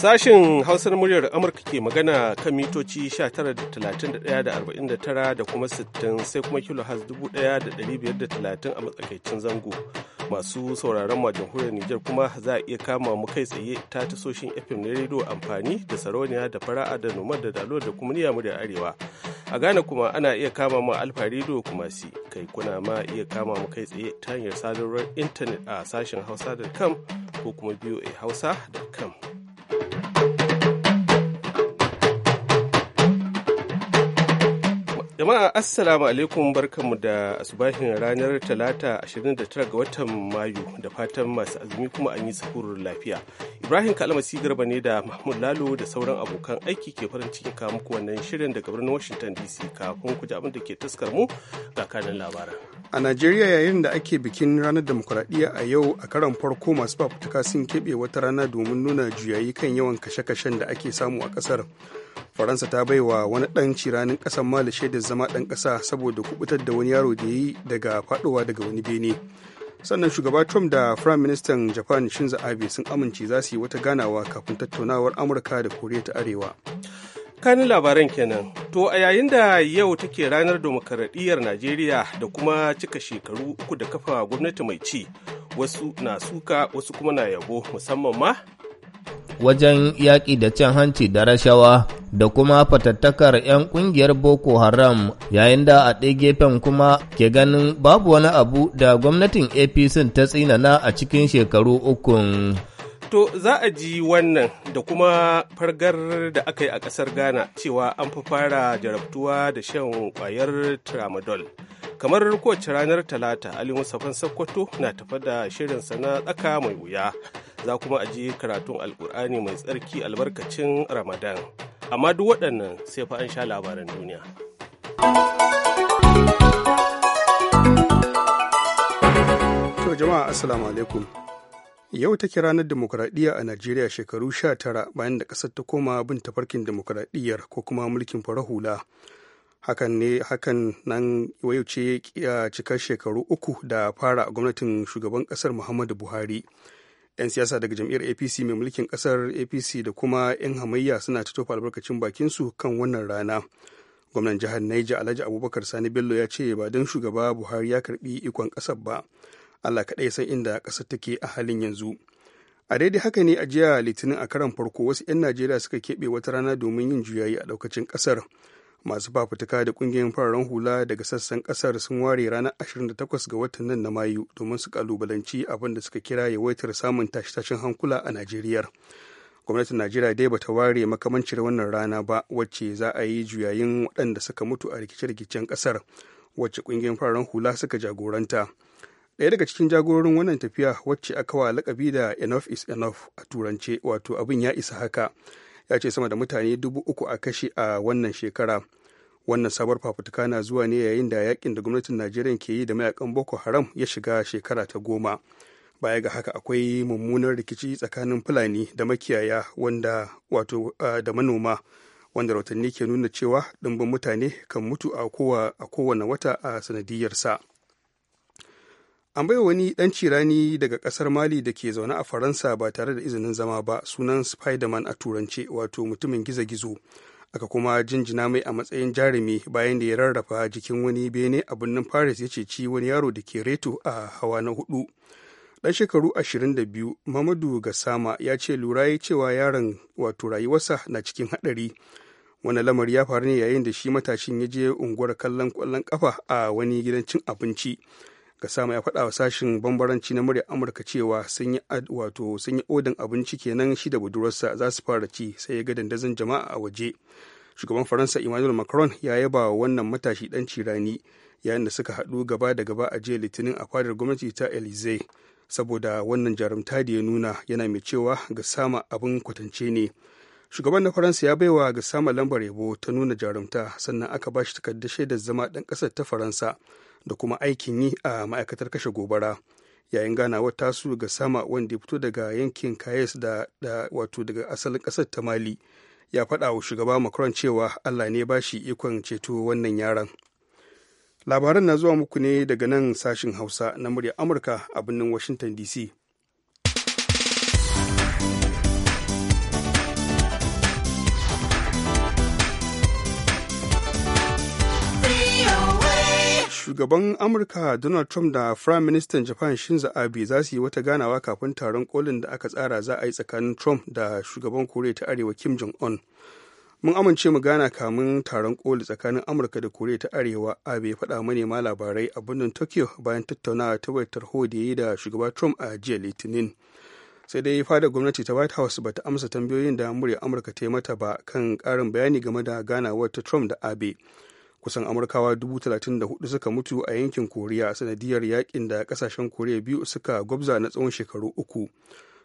Sashen Hausar muryar Amurka ke magana kan mitoci 19,31,49 da kuma 60 sai kuma kilohaz 1,530 a matsakaicin zango. Masu sauraron ma jamhuriyar Nijar kuma za a iya kama mu kai tsaye ta tasoshin FM na rediyo amfani da sarauniya da fara'a da noma da dalo da kuma niyya muryar Arewa. A Ghana kuma ana iya kama mu alfa rediyo kuma si kai kuna ma iya kama mu kai tsaye ta hanyar sadarwar intanet a sashen hausa.com ko kuma voa hausa.com. Jama'a Assalamu alaikum barkanmu da asubahin ranar Talata 29 ga watan Mayu da fatan masu azumi kuma an yi lafiya. Ibrahim Kalmasi Garba ne da Mahmud Lalo da sauran abokan aiki ke farin cikin kawo muku wannan shirin daga birnin Washington DC kafin ku ji abin da ke taskar mu ga kanin labaran. a najeriya yayin da ake bikin ranar demokuraɗiyya a yau a karon farko masu fafutuka sun keɓe wata rana domin nuna juyayi kan yawan kashe-kashen da ake samu a ƙasar faransa ta baiwa wani ɗan ciranin ƙasan mali shaidar zama ɗan ƙasa saboda kubutar da wani yaro da ya yi daga faɗowa daga wani bene sannan shugaba trump da prime minister japan shinzo abe sun amince za su yi wata ganawa kafin tattaunawar amurka da koriya ta arewa kanin labaran kenan to a yayin da yau take ranar demokaradiyyar najeriya da kuma cika shekaru uku da kafa gwamnati mai ci wasu na suka wasu kuma na yabo musamman ma wajen yaƙi da cin hanci da rashawa da kuma fatattakar 'yan ƙungiyar boko haram yayin da a ɗaya gefen kuma ke ganin babu wani abu da gwamnatin apc ta tsinana a cikin shekaru ukun To za a ji wannan da kuma fargar da aka yi a ƙasar Ghana cewa an fi fara jarabtuwa da shan ƙwayar tramadol. Kamar kowace ranar Talata, Ali Musafan Sokoto na tafa da shirinsa na tsaka mai wuya. Za kuma a ji karatun Alƙur'ani mai tsarki albarkacin Ramadan. Amma duk waɗannan sai fa an sha labaran duniya. To jama'a Assalamu alaikum. yau take ranar demokuraɗiyya a najeriya shekaru sha tara bayan da ƙasar ta koma bin tafarkin demokuraɗiyyar ko kuma mulkin fara hula hakan ne hakan nan wayo ce ya cika shekaru uku da fara gwamnatin shugaban ƙasar muhammadu buhari 'yan siyasa daga jam'iyyar apc mai mulkin ƙasar apc da kuma 'yan hamayya suna ta tofa albarkacin bakinsu kan wannan rana gwamnan jihar Niger Alhaji Abubakar Sani Bello ya ce ba don shugaba Buhari ya karbi ikon ƙasar ba allah kaɗai san inda ƙasar take a halin yanzu a daidai haka ne a jiya litinin a karan farko wasu 'yan najeriya suka keɓe wata rana domin yin juyayi a ɗaukacin ƙasar masu fafutuka da ƙungiyoyin fararen hula daga sassan ƙasar sun ware ranar 28 ga watan nan na mayu domin su kalubalanci abin da suka kira yawaitar samun tashe-tashen hankula a najeriya gwamnatin najeriya dai bata ware makamancin wannan rana ba wacce za a yi juyayin waɗanda suka mutu a rikice-rikicen ƙasar wacce ƙungiyoyin fararen hula suka jagoranta ɗaya daga cikin jagororin wannan tafiya wacce aka wa lakabi da enough is enough a turance wato abin ya isa haka ya ce sama da mutane dubu uku a kashe a wannan shekara wannan sabar fafutuka na zuwa ne yayin da yakin da gwamnatin najeriya ke yi da mayakan boko haram ya shiga shekara ta goma baya ga haka akwai mummunan rikici tsakanin fulani da makiyaya wanda wato da manoma wanda rautanni ke nuna cewa ɗumbin mutane kan mutu a kowane wata a sanadiyarsa. an bai wani dan cirani daga kasar mali da ke zaune a faransa ba tare da izinin zama ba sunan spiderman a turance wato mutumin gizo-gizo aka kuma jinjina mai a matsayin jarumi bayan da ya rarrafa jikin wani bene a birnin paris ya ceci wani yaro da ke reto a hawa na hudu dan shekaru 22 mamadu gasama ya ce lura ya cewa yaron wato rayuwarsa na cikin hadari wani lamari ya faru ne yayin da shi matashin ya je unguwar kallon kwallon kafa a wani gidan cin abinci Gasama ya faɗa wa sashin bambaranci na murya Amurka cewa sun yi wato sun yi odin abinci kenan shi da budurarsa za su fara ci sai ya ga dandazon jama'a a waje. Shugaban Faransa Emmanuel Macron ya yaba wa wannan matashi dan cirani yayin da suka haɗu gaba da gaba a jiya Litinin a fadar gwamnati ta elize saboda wannan jarumta da ya nuna yana mai cewa sama abin kwatance ne. Shugaban na Faransa ya baiwa ga sama lambar yabo ta nuna jarumta sannan aka ba shi takardar shaidar zama ɗan ƙasar ta Faransa. da kuma aikin yi a ma'aikatar kashe gobara yayin ganawar su ga sama wanda ya fito daga yankin kayes da, wato daga asalin kasar ta mali ya faɗa wa shugaba macron cewa allah ne ba shi ikon ceto wannan yaran labaran na zuwa muku ne daga nan sashin hausa na murya amurka a birnin washington dc shugaban amurka donald trump da prime minister japan shinzo abe za su yi wata ganawa kafin taron kolin da aka tsara za a yi tsakanin trump da shugaban koriya ta arewa kim jong-un mun amince mu gana kamun taron koli tsakanin amurka da koriya ta arewa abe faɗa manema labarai a birnin tokyo bayan tattaunawa ta wayar da yi da shugaba trump a jiya litinin sai dai fada gwamnati ta white house bata amsa tambayoyin da murya amurka ta yi mata ba kan karin bayani game da ganawar ta trump da abe kusan amurkawa 34 suka mutu a yankin koriya sanadiyar yakin da kasashen koriya biyu suka gwabza na tsawon shekaru uku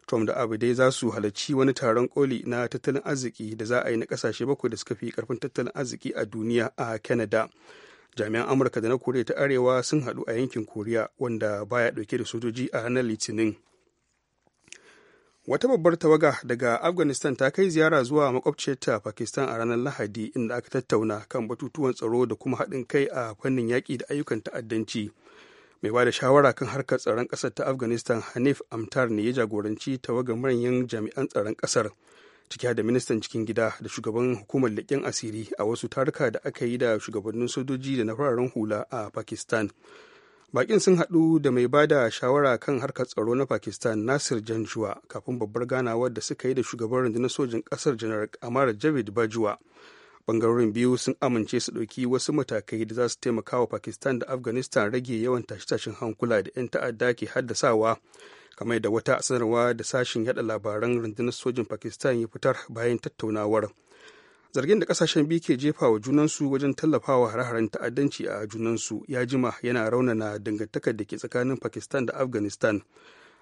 trump da abu dai za su halarci wani taron koli na tattalin arziki da za a yi na kasashe bakwai da suka fi karfin tattalin arziki a duniya a canada jami'an amurka da na koriya ta arewa sun haɗu a yankin koriya wanda baya ɗauke da sojoji a ranar litinin wata babbar tawaga daga afghanistan ta kai ziyara zuwa makwabciyarta pakistan a ranar lahadi inda aka tattauna kan batutuwan tsaro da kuma haɗin kai a fannin yaƙi da ayyukan ta'addanci mai bada shawara kan harkar tsaron ƙasar ta afghanistan hanif amtar ne ya jagoranci tawagar manyan jami'an tsaron ƙasar ciki da ministan cikin gida da shugaban hukumar leƙen asiri a wasu taruka da aka yi da shugabannin sojoji da na fararen hula a pakistan bakin sun haɗu da mai ba da shawara kan harkar tsaro na pakistan nasir janjuwa kafin babbar ganawar da suka yi da shugaban rundunar sojin ƙasar janar amara javid bajuwa bangarorin biyu sun amince su ɗauki wasu matakai da za su taimaka wa pakistan da afghanistan rage yawan tashe-tashen hankula da 'yan ta'adda ke haddasawa kamar da wata sanarwa da sashen yada labaran rundunar sojin pakistan ya fitar bayan tattaunawar zargin da kasashen biyu ke jefa wa junansu wajen tallafawa hare-haren ta'addanci a junansu ya jima yana raunana dangantakar da ke tsakanin pakistan da afghanistan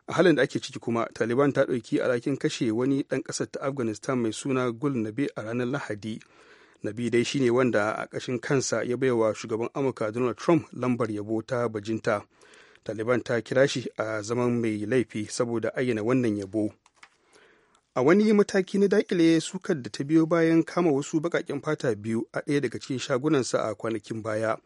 a halin da ake ciki kuma taliban ta ɗauki alhakin kashe wani ɗan ƙasar ta afghanistan mai suna gul nabi a ranar lahadi nabi dai shine wanda a ƙashin kansa ya baiwa shugaban amurka donald trump lambar yabo ta bajinta taliban ta kira shi a zaman mai laifi saboda ayyana wannan yabo a wani mataki na dakile sukar da ta biyo bayan kama wasu bakakin fata biyu a ɗaya daga cikin shagunansa a kwanakin baya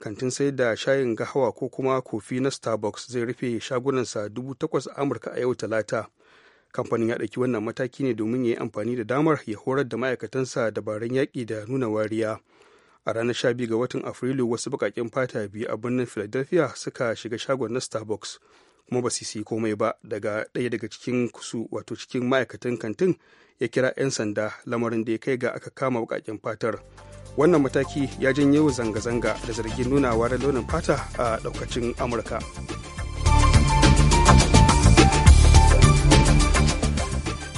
kantin sai da shayin gahawa ko kuma kofi na starbucks zai rufe shagunansa dubu takwas a amurka a yau talata kamfanin ya ɗauki wannan mataki ne domin ya yi amfani da damar ya horar da ma'aikatansa dabaran yaƙi da nuna wariya a ranar 12 ga watan afrilu wasu bakakin fata biyu a birnin philadelphia suka shiga shagon na starbucks kuma ba su yi komai ba daga ɗaya daga cikin su wato cikin ma'aikatan kantin ya kira 'yan sanda lamarin da ya kai ga aka kama bukakin fatar wannan mataki ya janyo zanga-zanga da zargin nuna da launin fata a ɗaukacin amurka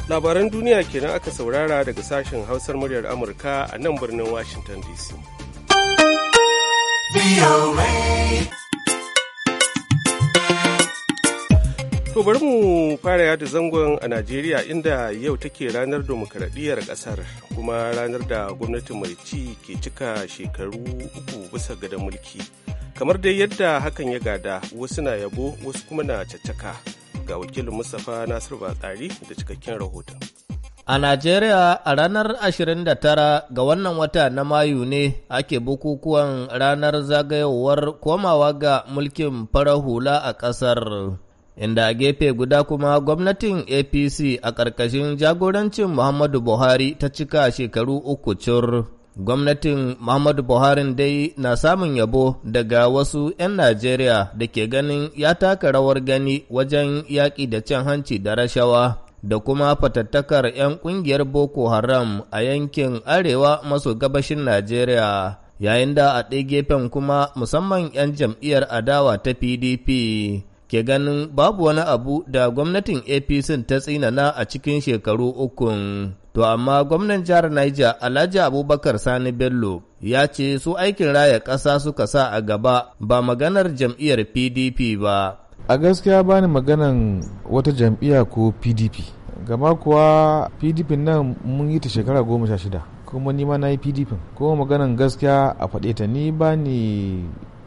labaran duniya kenan aka saurara daga sashen hausar muryar amurka a nan birnin washington dc To bari mu fara yada zangon a Najeriya inda yau take ranar demokaradiyyar ƙasar kuma ranar da gwamnati mai ci ke cika shekaru uku bisa ga mulki. Kamar dai yadda hakan ya gada wasu na yabo wasu kuma na caccaka ga wakilin Mustapha Nasiru Batsari da cikakken rahoton. A Najeriya a ranar 29 ga wannan wata na Mayu ne ake bukukuwan ranar zagayowar komawa ga mulkin farar hula a ƙasar. inda a gefe guda kuma gwamnatin APC a ƙarƙashin jagorancin Muhammadu Buhari ta cika shekaru uku cur. Gwamnatin Muhammadu Buhari dai na samun yabo daga wasu 'yan Najeriya da ke ganin ya taka rawar gani wajen yaƙi da cin hanci da rashawa da kuma fatattakar 'yan ƙungiyar Boko Haram a yankin arewa maso gabashin Najeriya. Yayin da a ɗaya gefen kuma musamman 'yan jam'iyyar adawa ta PDP ke ganin babu wani abu da gwamnatin APC ta tsinana a cikin shekaru ukun. To amma gwamnan jihar Niger Alhaji Abubakar Sani Bello ya ce su aikin raya ƙasa suka sa a gaba ba maganar jam'iyyar PDP ba. A gaskiya bani maganan wata jam'iyya ko PDP. Gama kuwa PDP nan mun yi ta shekara goma sha shida. kuma ni ma na yi pdp kuma maganan gaskiya a faɗe ta ni ba ni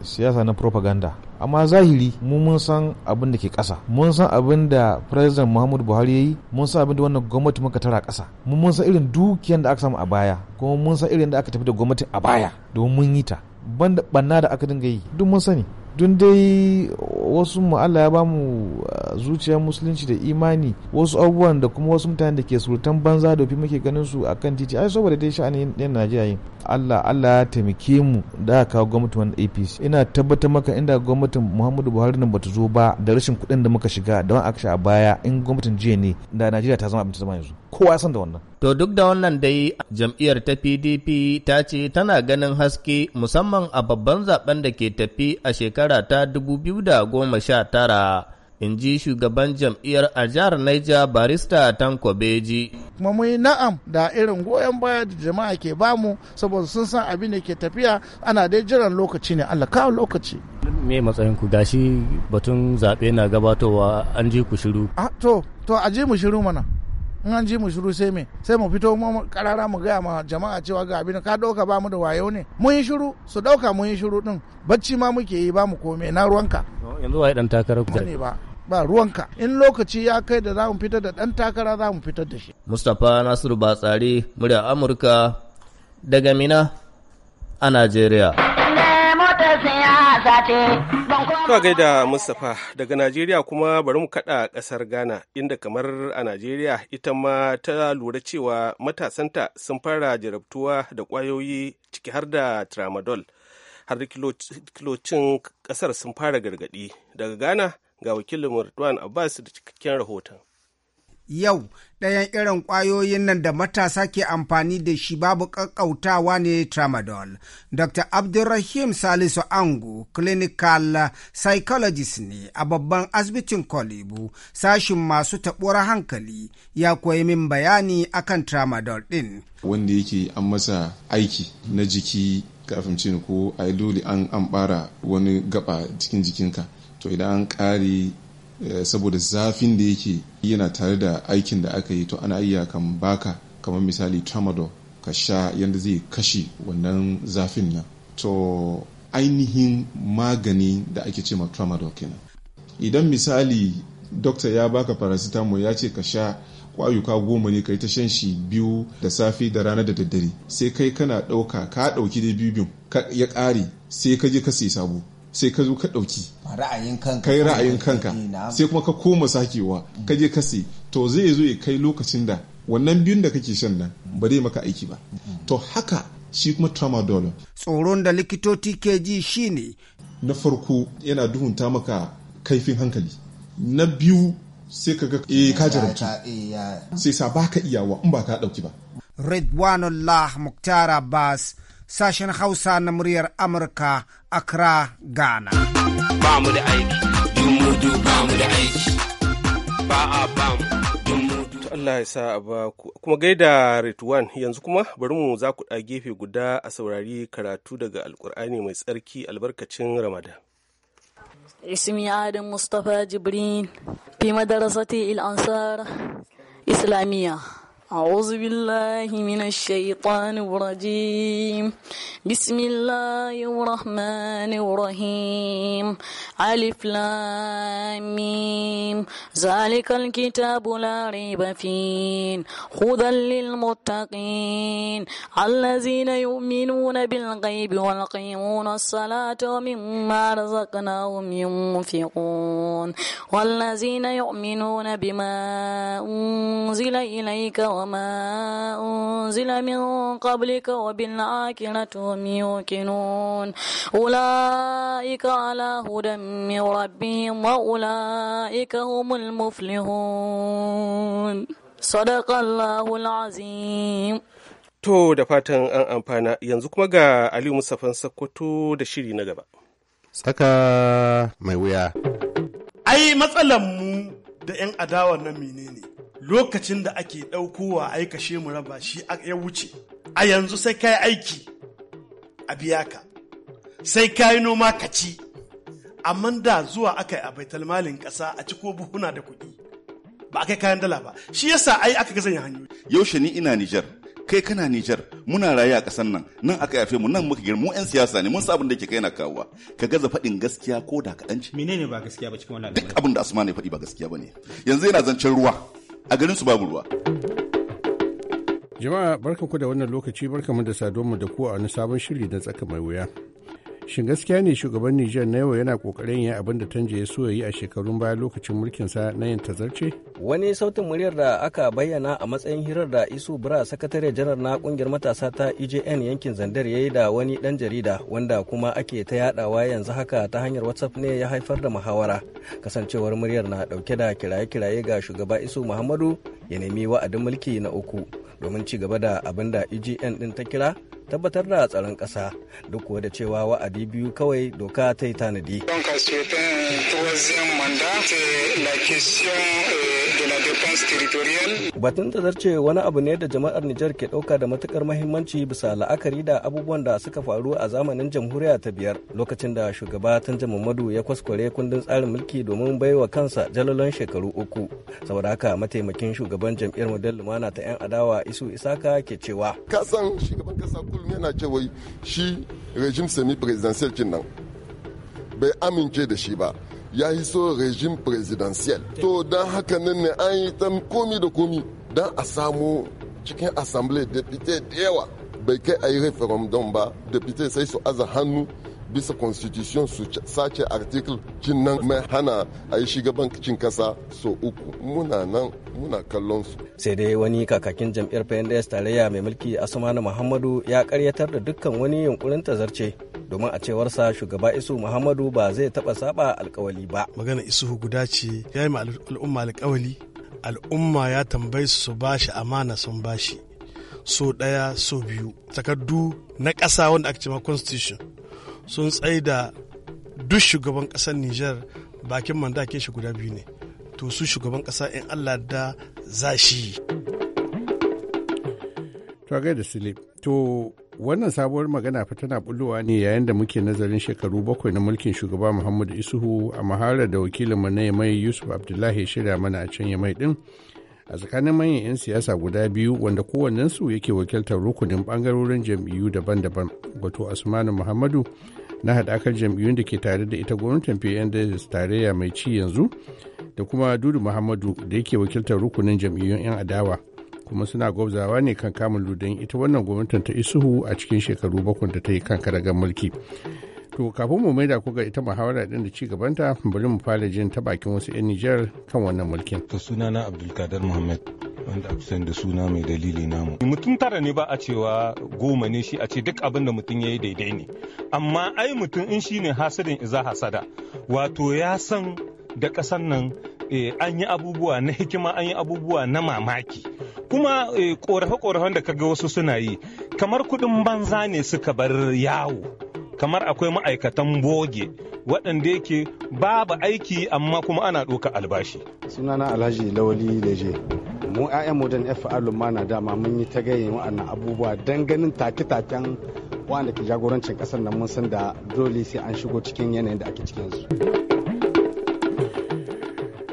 siyasa na propaganda amma zahiri mu mun san abin da ke ƙasa mun san abin da president muhammadu buhari ya yi mun san abin da wannan gwamnati muka tara ƙasa mun mun san irin dukiyan da aka samu a baya kuma mun san irin da aka tafi da gwamnati a baya domin mun yi ta banda banna da aka dinga yi duk mun sani dun dai wasu mu Allah ya bamu uh, zuciyar musulunci da imani wasu abubuwan da kuma wasu mutane da ke surutan banza da muke ganin su akan titi ai saboda dai sha'anin yan Najeriya yin Allah Allah ya taimake mu da aka kawo gwamnatin wani APC ina tabbatar maka inda gwamnatin Muhammadu Buhari nan bata zo ba da rashin kuɗin da muka shiga da wani aka a baya in gwamnatin jiya ne da Najeriya ta zama abin ta zama yanzu kowa san da wannan to duk da wannan dai jam'iyyar ta PDP ta ce tana ganin haske musamman a babban zaben da ke tafi a shekara ta 2019 in ji shugaban jam'iyyar a jihar Niger barista Tanko Beji. Kuma mu na'am da irin goyon baya da jama'a ke bamu saboda sun san abin da ke tafiya ana dai jiran lokaci ne Allah kawo lokaci. Me matsayin ku gashi batun zaɓe na gabatowa an ji ku shiru. A ah, to to a ji mu shiru mana. in an ji mu shiru sai me sai mu fito mu karara mu gaya ma jama'a cewa ga abin ka dauka ba mu da wayo ne mun yi shiru su dauka mun yi shiru din bacci ma muke yi ba mu kome na ruwanka yanzu wai dan takara ku ne ba ba ruwanka in lokaci ya kai da zamu mu fitar da dan takara zamu mu fitar da shi Mustapha Nasiru Batsari murya Amurka daga Mina a Najeriya To gaida Mustapha daga Najeriya kuma bari mu kada kasar Ghana inda kamar a Najeriya ita ma ta lura cewa matasanta sun fara jarabtuwa da kwayoyi ciki har da tramadol har kilocin kasar sun fara gargadi daga Ghana ga wakilin Murtuan Abbas da cikakken rahoton. yau ɗayan irin ƙwayoyin nan da matasa ke amfani da shi babu ƙaƙƙautawa ne tramadol. Dr. Abdulrahim Salisu angu clinical psychologist ne a babban asibitin Kolibu, sashin masu taɓuwar hankali ya koyi min bayani akan tramadol ɗin. Wanda yake an masa aiki na jiki kafin cin ko a dole an an bara wani gaba cikin jikinka to idan an ƙare Eh, saboda zafin da yake yana tare da aikin da aka yi to ana iya kan baka kamar misali tramadol ka sha yadda zai kashe wannan zafin nan to ainihin magani da ake ce ma tramadol kenan idan misali dokta ya baka paracetamol ya ce ka sha kwayuka goma ne kai ta shan shi biyu da safe da rana da daddare sai kai kana ɗauka ka ɗauki da biyu biyu ya ƙare sai ka je ka sai sabo sai ka zo ka ɗauki ra'ayin kanka kai ra'ayin kanka eh, sai kuma ka koma sakewa mm. ka je ka to zai zo ya kai lokacin da wannan biyun da kake shan nan ba zai maka aiki ba mm. to haka shi kuma tramadol tsoron da likitoci ke ji shine na farko yana duhunta maka kaifin hankali na biyu sai ka ga eh ka jarabtu eh, sai sa baka iyawa in ba ka dauki ba ridwanullah muktara bas. sashen Hausa na muryar Amurka Accra, Ghana. Ba mu da a ba mu. Allah ya sa ba kuma gaida Ritwan yanzu kuma bari mu za ku ɗa gefe guda a saurari karatu daga Alƙur'ani mai tsarki albarkacin Ramadan. Adam Mustapha jibrin fi madarasa ta il'ansar islamiyya. أعوذ بالله من الشيطان الرجيم بسم الله الرحمن الرحيم ألف لاميم ذلك الكتاب لا ريب فيه هدى للمتقين الذين يؤمنون بالغيب ويقيمون الصلاة ومما رزقناهم ينفقون والذين يؤمنون بما أنزل إليك وما أنزل من قبلك وبالآخرة هم يوقنون أولئك على هدى من ربهم وأولئك هم المفلحون صدق الله العظيم To da fatan an amfana yanzu kuma ga Aliyu Mustafan Sokoto da shiri na gaba. Saka mai wuya. Ai matsalan mu da 'yan adawa na menene? lokacin da ake ɗaukowa kashe mu raba shi ya wuce a yanzu sai ka yi aiki a biya ka sai ka yi noma ka ci amma da zuwa aka yi a baital malin ƙasa a ci ko buhuna da kuɗi ba a kai kayan dala ba shi yasa ai aka ga sanya hanyoyi yaushe ni ina Nijar kai kana Nijar muna raye a ƙasar nan nan aka yafe mu nan muka girma mu 'yan siyasa ne mun san abin da yake kai na kawowa ka gaza faɗin gaskiya ko da kaɗan ci menene ba gaskiya ba cikin wannan duk abin da Asma ne faɗi ba gaskiya bane ne yanzu yana zancen ruwa a garin su babu ruwa jama'a barkanku da wannan lokaci barkanmu da saduwa da ku a wani sabon shiri na tsaka mai wuya shin gaskiya ne shugaban niger na yau yana kokarin yin abin da tanje ya so yi a shekarun baya lokacin mulkin sa na yin tazarce wani sautin muryar da aka bayyana a matsayin hirar da isu bra sakatare janar na kungiyar matasa ta ejn yankin zandar ya yi da wani dan jarida wanda kuma ake ta yadawa yanzu haka ta hanyar whatsapp ne ya haifar da muhawara kasancewar muryar na dauke da kiraye-kiraye ga shugaba isu muhammadu ya nemi wa'adin mulki na uku domin ci gaba da abin da egn ɗin ta kira tabbatar da tsaron ƙasa duk kuwa da cewa wa'adi biyu kawai doka ta yi tanadi. troisième mandat, eh, eh, Batun da zarce wani abu ne da jama'ar Nijar ke ɗauka da matukar mahimmanci bisa la'akari da abubuwan da suka faru a zamanin jamhuriya ta biyar lokacin da shugaba Tanja Muhammadu ya kwaskware kundin tsarin mulki domin baiwa kansa jalolan shekaru uku. Saboda haka mataimakin shugaban jam'iyyar Model Lumana ta 'yan adawa Isu Isaka ke cewa. Kasan shugaban kasa kullum yana cewa shi rejim semi presidential bai amince da shi ba. ya yi so rejim presidential to don haka nan ne an yi tam komi da komi don a samu cikin assembly depute da yawa bai kai a yi referendum ba depute sai su aza hannu bisa constitution su sace article cin nan mai hana a yi cin kasa so uku muna nan muna kallon su sai dai wani kakakin jam'iyyar pnds tarayya mai mulki asumani muhammadu ya karyatar da dukkan wani yunkurin tazarce domin a cewarsa shugaba isu muhammadu ba zai taba saba alkawali ba magana isu guda ce ya yi al'umma alkawali al'umma ya tambayi su ba shi amana sun ba shi. so ɗaya so biyu takardu na ƙasa wanda aka cema constitution sun da duk shugaban ƙasar niger bakin manda ke shi guda biyu ne to su shugaban ƙasa in allah da za shi yi. to Wannan sabuwar magana fa tana bullowa ne yayin da muke nazarin shekaru bakwai na mulkin shugaba Muhammadu Isuhu a maharar da wakilin mu na Yamai Yusuf Abdullahi shirya mana a can Yamai din. a tsakanin manyan 'yan siyasa guda biyu wanda kowannensu yake wakiltar rukunin bangarorin jam'iyyu daban-daban wato asmanu muhammadu na haɗakar jam'iyyun da ke tare da ita gwamnatin pnds tarayya mai ci yanzu da kuma dudu muhammadu da yake wakiltar rukunin jam'iyyun 'yan adawa kuma suna gwabzawa ne kan kamun ludin ita wannan gwamnatin ta isuhu a cikin shekaru bakwai da ta yi kan karagar mulki to kafin mu maida kuka ita muhawara din da ci gaban ta bari mu fara jin ta bakin wasu 'yan Nijar kan wannan mulkin to sunana Abdulkadir Muhammad wanda aka da suna mai dalili namu mutum tara ne ba a cewa goma ne shi a ce duk abin da mutum ya yi daidai ne amma ai mutum in shi shine hasirin iza hasada wato ya san da ƙasar nan Eh, an yi abubuwa na hikima an yi abubuwa na mamaki kuma korafe-korafen eh, da kaga wasu suna yi kamar kudin banza ne suka bar yawo kamar akwai ma'aikatan boge waɗanda yake babu aiki amma kuma ana ɗoka albashi sunana alhaji lawali leje mu 'ya'yan modern fr lumana dama mun yi ta gaye wa'annan abubuwa don ganin take-taken wa'anda ke jagorancin ƙasar nan mun san da dole sai an shigo cikin yanayin da ake cikin su.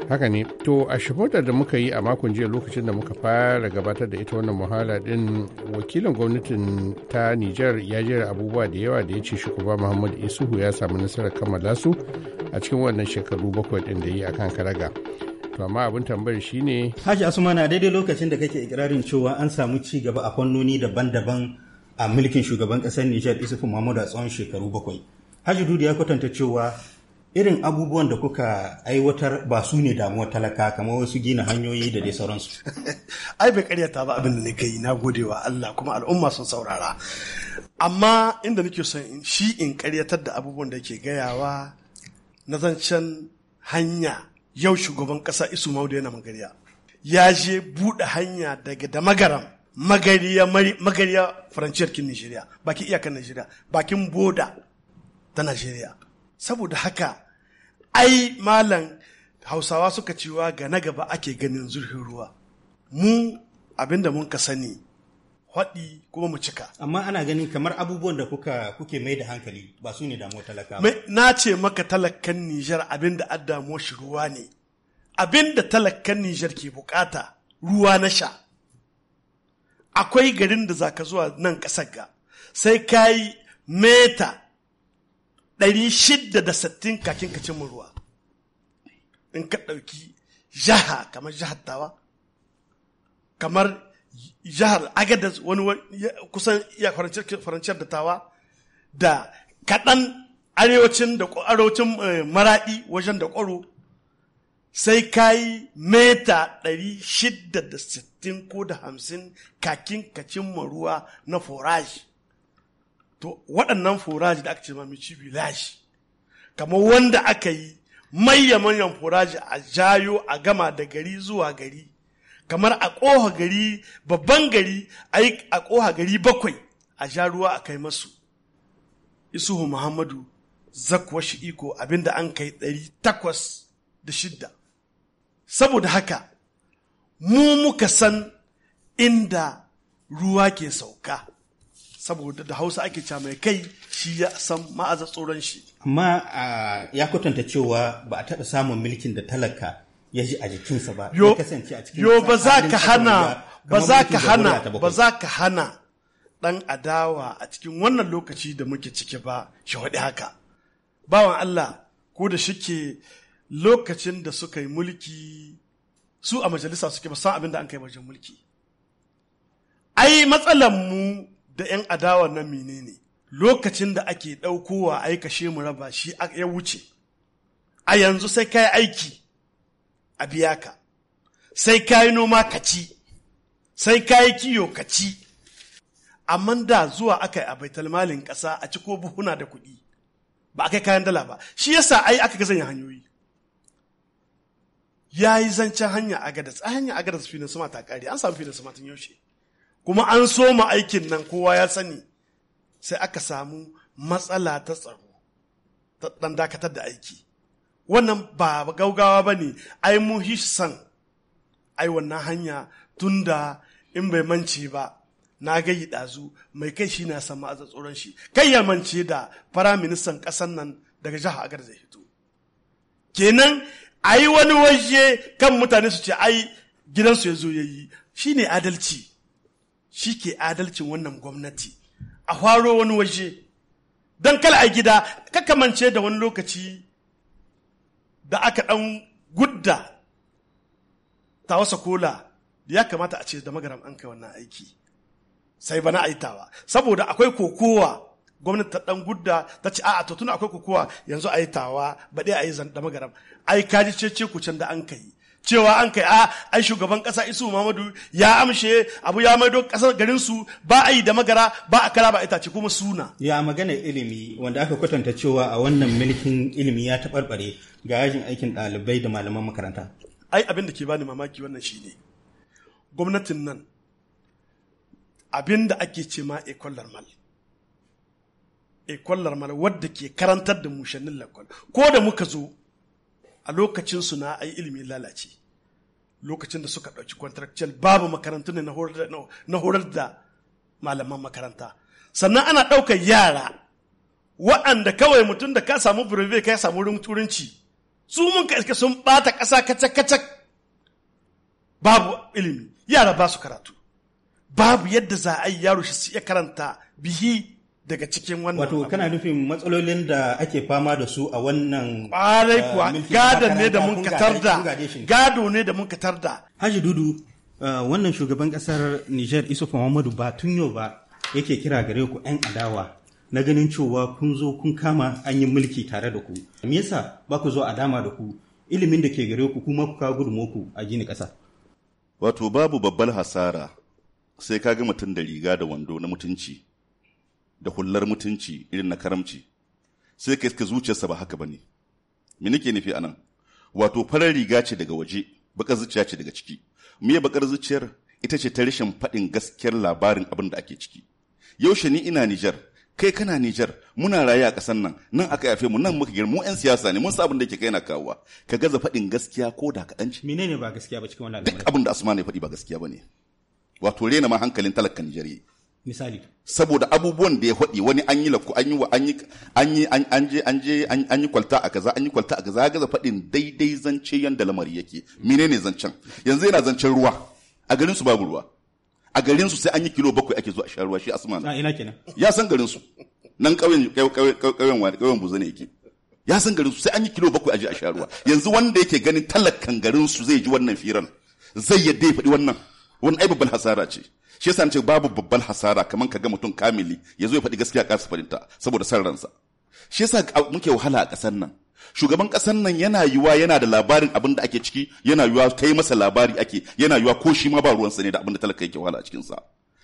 haka ne to a shimfiɗar da muka yi a makon jiya lokacin da muka fara gabatar da ita wannan muhala din wakilin gwamnatin ta nijar ya jera abubuwa da yawa da ya ce shugaba muhammad isuhu ya samu nasarar kammala su a cikin wannan shekaru bakwai din da yi a kan karaga to amma abin tambayar shine hashi asuma na daidai lokacin da kake ikirarin cewa an samu ci gaba a fannoni daban-daban a mulkin shugaban ƙasar nijar isuhu muhammadu a tsawon shekaru bakwai haji dudu ya kwatanta cewa irin abubuwan da kuka aiwatar ba su ne damuwar talaka kamar wasu gina hanyoyi da dai sauransu. Ai bai karyata ba abin da na kai na gode wa Allah kuma al'umma sun saurara. Amma inda nake son shi in karyatar da abubuwan da ke gayawa na zancen hanya yau shugaban kasa Isu Maudu yana magariya. Ya je buɗe hanya daga da magaram magariya magariya faranciyar kin Nijeriya bakin iyakar Nijeriya bakin boda ta Nijeriya. Saboda haka ai malam hausawa suka cewa ga na gaba ake ganin zurfin ruwa mu abinda mun ka sani haɗi kuma mu cika. Amma ana ganin kamar abubuwan da kuka kuke mai da hankali ba su ne damuwa talaka ba. Na ce maka talakan Nijar abinda an damuwar shi ruwa ne. Abinda talakan Nijar ke bukata ruwa na sha. Akwai garin da za ka zuwa nan ƙasar ga sai ka yi meta ɗari shidda da sittin kakin kacin ruwa in ka ɗauki jaha kamar jihar tawa kamar jihar agadas wani kusan iya faranciyar da tawa da kaɗan arewacin da arewacin eh, maraɗi wajen da ƙwaro sai ka yi meta ɗari shidda da sittin ko da hamsin kakin kacin maruwa ruwa na foraji to waɗannan foraji da aka ce ma mici kamar wanda aka yi manya manyan foraji a jayo a gama da gari zuwa gari kamar a ƙoha gari babban gari a ƙoha gari bakwai a ja ruwa a kai masu isuhu muhammadu zakwa shi iko abinda an kai ɗari takwas da shidda saboda haka mu muka san inda ruwa ke sauka saboda da hausa ake cewa mai kai shi ya san ma'azar tsoron shi. Amma ya kwatanta cewa ba a taɓa samun mulkin da talaka ya ji a jikinsa ba. Yo, yo ba za ka hana ba za ka hana ba za ka hana ɗan adawa a cikin wannan lokaci da muke ciki ba shi waɗi haka. Bawan Allah ko da shike lokacin da suka yi mulki su a majalisa suke ba san abin da an kai wajen mulki. Ai matsalar mu da 'yan adawa na ne lokacin da ake ɗaukowa kashe mu raba shi ya wuce a yanzu sai kai aiki a biya ka sai kai noma ka ci sai kai kiwo kiyo ka ci amma da zuwa aka yi a baitalmalin ƙasa a ci ko buhuna da kuɗi ba a kai kayan dala ba shi yasa ai aka ga sanya hanyoyi ya yi zancen hanya agadas a hanya agadas filin sama ta ƙari an samu filin sama tun yaushe kuma an soma aikin nan kowa ya sani sai aka samu matsala ta tsaro ta ɗan dakatar da aiki wannan ba gaugawa ba ne ai mu san ai wannan hanya tunda in bai mance ba na gayi ɗazu mai kai shi na sama a tsoron shi kai ya mance da firaministan ƙasar nan daga jihar agar zai fito kenan a wani waje kan mutane su ce ai gidansu ya zo ya yi adalci shi ke adalcin wannan gwamnati a faro wani waje don kala a gida kakamance da wani lokaci da aka ɗan gudda ta wasa kola ya kamata a ce da magaram an kai wannan aiki sai bana aitawa saboda akwai kokowa gwamnati ta dan gudda ta ce a'a to tun akwai kokowa yanzu aitawa dai a yi da magaram ai kaji ce ce ku da an kai cewa an kai a ai shugaban kasa isu mamadu ya amshe abu ya maido kasar garin su ba a yi da magara ba a kala ba itace kuma suna ya magana ilimi wanda aka kwatanta cewa a wannan milkin ilimi ya taɓarɓare ga yajin aikin ɗalibai da malaman makaranta ai abin da ke bani mamaki wannan shine gwamnatin nan abin da ake ce ma kwallar mal ekwallar mal wadda ke karantar da mushannin lakwal ko da muka zo a lokacin su na ai ilimi lalace lokacin da suka ɗauki contractual babu makarantu ne na horar da malaman makaranta sannan ana ɗaukar yara waɗanda kawai mutum da ka samu birbe ka samu turanci su mun ka sun ɓata ƙasa kacak-kacak babu ilimi yara ba su karatu babu yadda za a yi yaro shi su iya karanta bihi daga cikin wannan wato kana nufin matsalolin da ake fama da su a wannan ƙwarai kuwa eh, gado ne da mun katar da gado ne da mun katar da haji dudu eh, wannan shugaban ƙasar niger isufa muhammadu ba tun yau ba yake kira gare ku yan adawa na ganin cewa kun zo kun kama an yi mulki tare da ku me yasa ba ku zo a dama da ku ilimin da ke gare ku kuma ku kawo ku a gini ƙasa wato babu babbar hasara sai ka ga mutum da riga da wando na mutunci da hular mutunci irin na karamci sai ka iska zuciyarsa ba haka ba ne me nake nufi nan wato farar riga ce daga waje bakar zuciya ce daga ciki miye bakar zuciyar ita ce ta rashin faɗin gaskiyar labarin abin da ake ciki yaushe ni ina Nijar kai kana Nijar muna raye a ƙasar nan nan aka yafe mu nan muka girma mu 'yan siyasa ne mun sa abin da yake kai na kawowa ka gaza faɗin gaskiya ko da kaɗan ce menene ba gaskiya ba cikin wannan duk abin da Asma ne faɗi ba gaskiya ba ne wato rena ma hankalin talakan Nijar misali saboda abubuwan da ya faɗi wani an yi lakku an yi wa an yi an yi an je an je an yi kwalta a kaza an yi kwalta a kaza ya gaza faɗin daidai zance yanda lamari yake menene zancen yanzu yana zancen ruwa a garin su babu ruwa a garin su sai an yi kilo bakwai ake zuwa a sha ruwa shi asuma na. ina kenan ya san garin su nan ƙauyen ƙauyen wani ƙauyen buzu ne yake ya san garin su sai an yi kilo bakwai aje a sha ruwa yanzu wanda yake ganin talakan garin su zai ji wannan firan zai yadda ya faɗi wannan wani ai babban hasara ce shi yasa ce babu babban hasara kamar ka ga mutum kamili ya zo ya faɗi gaskiya ƙarsa farinta saboda san ransa shi yasa muke wahala a ƙasar nan shugaban ƙasar nan yana yiwa yana da labarin abin da ake ciki yana yiwa kai masa labari ake yana yiwa ko shi ma ba ruwansa ne da abin da talaka yake wahala a cikinsa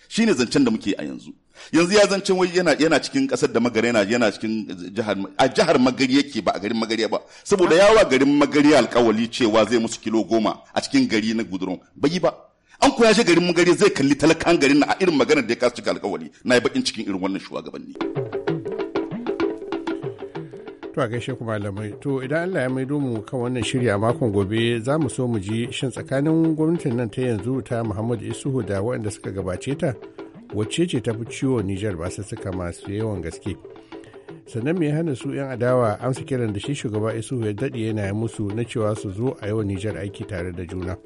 shi ne zancen da muke a yanzu yanzu ya zancen wai yana yana cikin ƙasar da magari yana yana cikin eh, jihar a jihar magari yake ba a garin magari ba saboda yawa garin magari alƙawali cewa zai musu kilo goma a cikin gari na gudurun bai ba an koya shi garin magari zai kalli talakan garin na a irin maganar da ya kasu cika alkawari na yi bakin cikin irin wannan shugabanni. To a gaishe ku malamai. To idan Allah ya maido mu kan wannan shiri a makon gobe za mu so mu ji shin tsakanin gwamnatin nan ta yanzu ta Muhammadu Isuhu da waɗanda suka gabace ta wacce ce ta fi ciwo Nijar ba su suka masu yawan gaske. Sannan me hana su 'yan adawa amsa kiran da shi shugaba Isuhu ya daɗe yana musu na cewa su zo a yawan Nijar aiki tare da juna.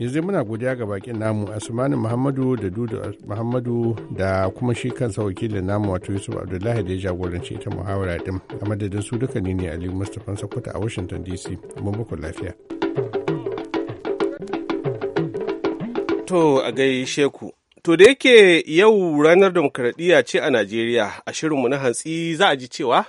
yanzu muna godiya ga bakin namu asmani muhammadu da dudu muhammadu da kuma shi kansa wakilin namu wato yusuf abdullahi da ya jagoranci ita muhawara din a madadin su duka ne ne aliyu mustapha sakwata a washington dc mun muku lafiya to a gaishe ku to da yake yau ranar demokradiyya ce a najeriya a shirinmu na hantsi za a ji cewa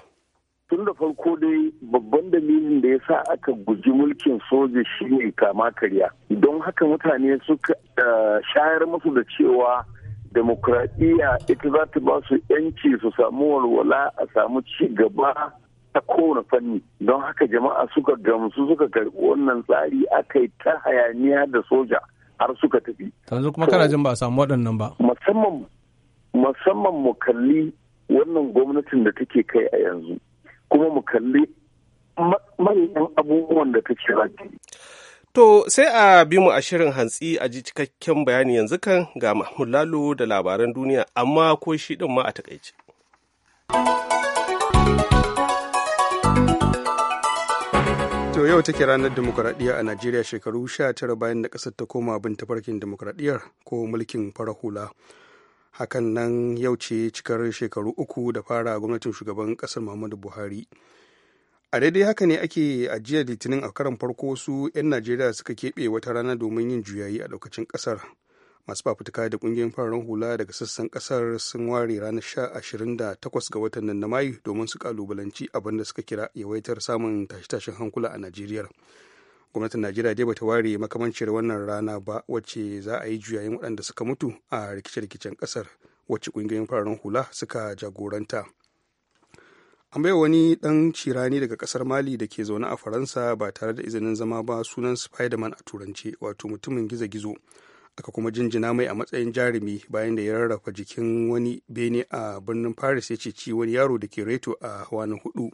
tun da farko dai babban dalilin da ya sa aka guji mulkin soja shine kama karya don haka mutane suka eh, shayar musu da cewa demokradiyya ita za ta ba su yanci su samu walwala a samu ci gaba ta kowane fanni don haka jama'a suka gamsu suka karbi wannan tsari aka yi ta hayaniya da soja har suka tafi. yanzu kuma kana jin ba a samu waɗannan ba. musamman musamman mu kalli wannan gwamnatin da take kai a yanzu. kuma mu kalli manyan abubuwan da take raki. To sai a bi mu a shirin hantsi a ji cikakken bayani yanzu kan ga Mahmud Lalo da labaran duniya amma ko shi din ma a takaice. To yau take ranar demokuraɗiyya a Najeriya shekaru sha tara, bayan da ƙasar ta koma bin tafarkin demokuraɗiyyar ko mulkin farar hula. hakan nan yau ce cikar shekaru uku da fara gwamnatin shugaban kasar muhammadu buhari a daidai haka ne ake ajiyar litinin a karan farko su 'yan najeriya suka keɓe wata rana domin yin juyayi a lokacin kasar masu fafutuka da kungiyoyin fararen hula daga sassan kasar sun ware ranar sha ashirin da takwas ga watan nan na mayu domin su kalubalanci abin da suka kira yawaitar samun tashe-tashen hankula a najeriya gwamnatin najeriya dai bata ware makamancin wannan rana ba wacce za a yi juyayin waɗanda suka mutu a rikice-rikicen ƙasar wacce ƙungiyoyin fararen hula suka jagoranta an baiwa wani ɗan cirani daga ƙasar mali da ke zaune a faransa ba tare da izinin zama ba sunan spiderman a turance wato mutumin gizo-gizo aka kuma jinjina mai a matsayin jarumi bayan da ya rarrafa jikin wani bene a birnin paris ya ce ci wani yaro da ke reto a wani hudu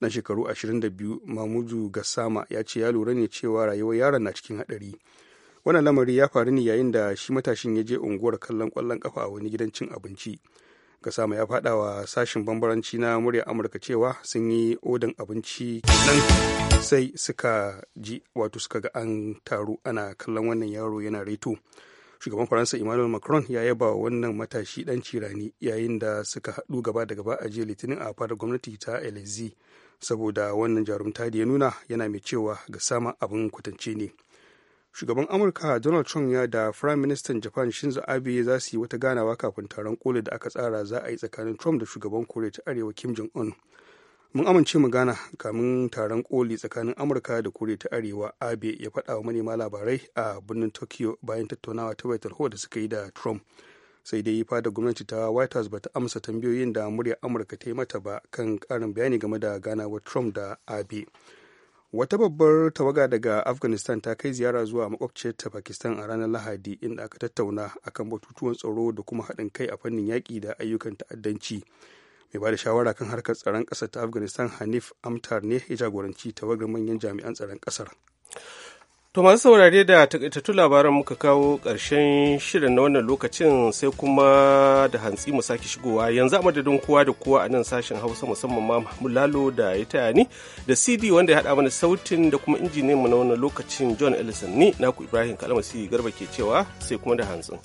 na shekaru 22 mamudu gasama ya ce ya lura ne cewa rayuwar yaron na cikin haɗari wannan lamari ya faru ne yayin da shi matashin ya je unguwar kallon kwallon kafa a wani gidan cin abinci Gasama ya faɗa wa sashin bambaranci na murya amurka cewa sun yi odan abinci kenan sai suka ji wato suka ga an taru ana kallon wannan yaro yana reto shugaban faransa emmanuel macron ya yaba wannan matashi dan cirani yayin da suka haɗu gaba da gaba a jiya litinin a fadar gwamnati ta lsz saboda wannan jarumta da ya nuna yana mai cewa ga sama abin kwatance ne shugaban amurka donald trump ya da prime minister japan shinzo abe za su yi wata ganawa kafin taron koli da aka tsara za a yi tsakanin trump da shugaban koriya ta arewa kim jong un mun amince mu gana kamin taron koli tsakanin amurka da koriya ta arewa abe ya faɗa wa manema labarai a birnin tokyo bayan tattaunawa ta wayar da suka yi da trump sai dai fa da gwamnati ta white house bata amsa tambayoyin da muryar amurka ta yi mata ba kan karin bayani game da ganawar trump da abe wata babbar tawaga daga afghanistan ta kai ziyara zuwa makwabciyar ta pakistan a ranar lahadi inda aka tattauna akan batutuwan tsaro da kuma haɗin kai a fannin yaƙi da ayyukan ta'addanci mai bada shawara kan harkar tsaron ƙasar ta afghanistan hanif amtar ne ya jagoranci tawagar manyan jami'an tsaron ƙasar To masu saurare da takaitattu labaran muka kawo karshen shirin na wannan lokacin sai kuma da hantsi mu sake shigowa yanzu a madadin kowa da kowa a nan sashen Hausa musamman ma Mahmud Lalo da ya taya ni da CD wanda ya haɗa mana sautin da kuma injiniyan mu na wannan lokacin John Ellison ni naku Ibrahim Kalmasi Garba ke cewa sai kuma da hantsin.